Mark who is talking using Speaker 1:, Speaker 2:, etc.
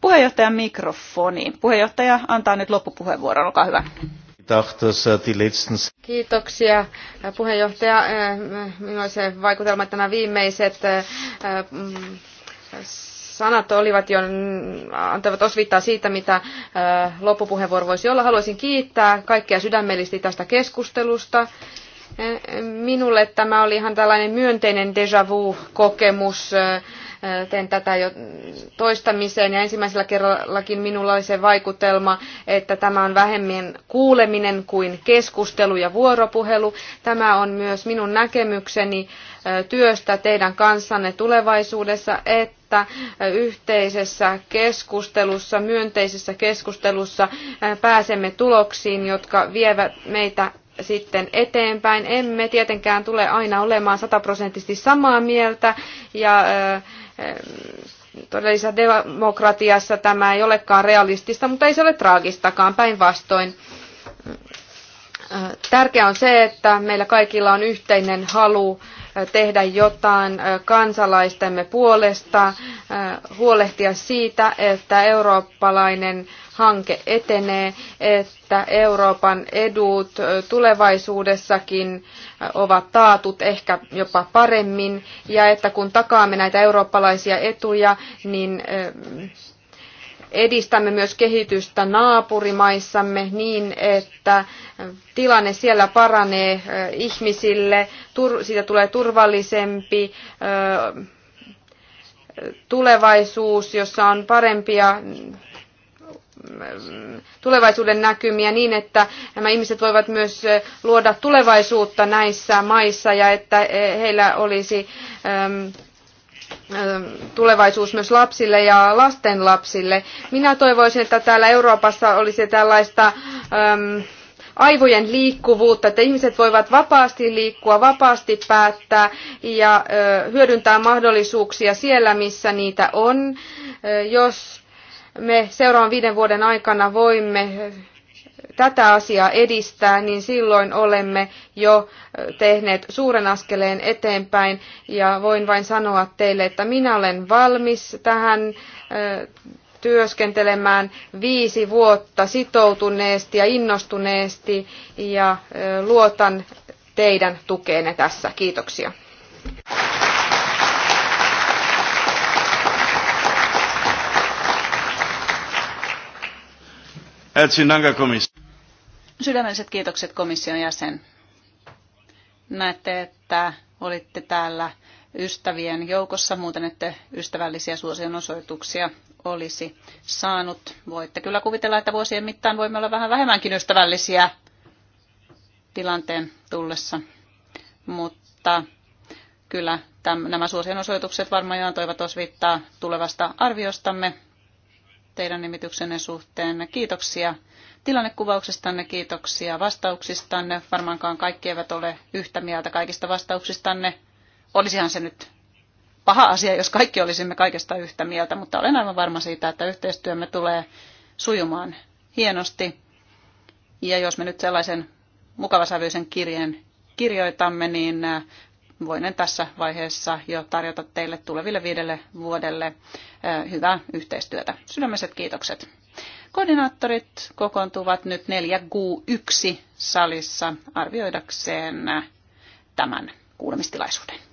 Speaker 1: Puheenjohtajan mikrofoni. Puheenjohtaja antaa nyt loppupuheenvuoron, olkaa hyvä. Äh,
Speaker 2: Kiitoksia äh, puheenjohtaja. Äh, minulla se vaikutelma, että nämä viimeiset sanat olivat jo, antavat osvittaa siitä, mitä loppupuheenvuoro voisi olla. Haluaisin kiittää kaikkia sydämellisesti tästä keskustelusta. Minulle tämä oli ihan tällainen myönteinen déjà vu-kokemus teen tätä jo toistamiseen ja ensimmäisellä kerrallakin minulla oli se vaikutelma, että tämä on vähemmän kuuleminen kuin keskustelu ja vuoropuhelu. Tämä on myös minun näkemykseni työstä teidän kanssanne tulevaisuudessa, että yhteisessä keskustelussa, myönteisessä keskustelussa pääsemme tuloksiin, jotka vievät meitä sitten eteenpäin. Emme tietenkään tule aina olemaan sataprosenttisesti samaa mieltä ja äh, todellisessa demokratiassa tämä ei olekaan realistista, mutta ei se ole traagistakaan, päinvastoin. Tärkeää on se, että meillä kaikilla on yhteinen halu eh, tehdä jotain eh, kansalaistemme puolesta, eh, huolehtia siitä, että eurooppalainen hanke etenee, että Euroopan edut tulevaisuudessakin ovat taatut ehkä jopa paremmin, ja että kun takaamme näitä eurooppalaisia etuja, niin edistämme myös kehitystä naapurimaissamme niin, että tilanne siellä paranee ihmisille, siitä tulee turvallisempi tulevaisuus, jossa on parempia tulevaisuuden näkymiä niin, että nämä ihmiset voivat myös luoda tulevaisuutta näissä maissa ja että heillä olisi tulevaisuus myös lapsille ja lasten lapsille. Minä toivoisin, että täällä Euroopassa olisi tällaista aivojen liikkuvuutta, että ihmiset voivat vapaasti liikkua, vapaasti päättää ja hyödyntää mahdollisuuksia siellä, missä niitä on. Jos me seuraavan viiden vuoden aikana voimme eh, tätä asiaa edistää, niin silloin olemme jo eh, tehneet suuren askeleen eteenpäin. Ja voin vain sanoa teille, että minä olen valmis tähän eh, työskentelemään viisi vuotta sitoutuneesti ja innostuneesti ja luotan teidän tukeenne tässä. Kiitoksia.
Speaker 1: Sydämelliset kiitokset komission jäsen. Näette, että olitte täällä ystävien joukossa, muuten ette ystävällisiä suosionosoituksia olisi saanut. Voitte kyllä kuvitella, että vuosien mittaan voimme olla vähän vähemmänkin ystävällisiä tilanteen tullessa, mutta kyllä tämän, nämä suosionosoitukset varmaan jo antoivat osviittaa tulevasta arviostamme teidän nimityksenne suhteen. Kiitoksia tilannekuvauksestanne, kiitoksia vastauksistanne. Varmaankaan kaikki eivät ole yhtä mieltä kaikista vastauksistanne. Olisihan se nyt paha asia, jos kaikki olisimme kaikesta yhtä mieltä, mutta olen aivan varma siitä, että yhteistyömme tulee sujumaan hienosti. Ja jos me nyt sellaisen mukavasävyisen kirjeen kirjoitamme, niin voinen tässä vaiheessa jo tarjota teille tuleville viidelle vuodelle hyvää yhteistyötä. Sydämiset kiitokset. Koordinaattorit kokoontuvat nyt 4Q1 salissa arvioidakseen tämän kuulemistilaisuuden.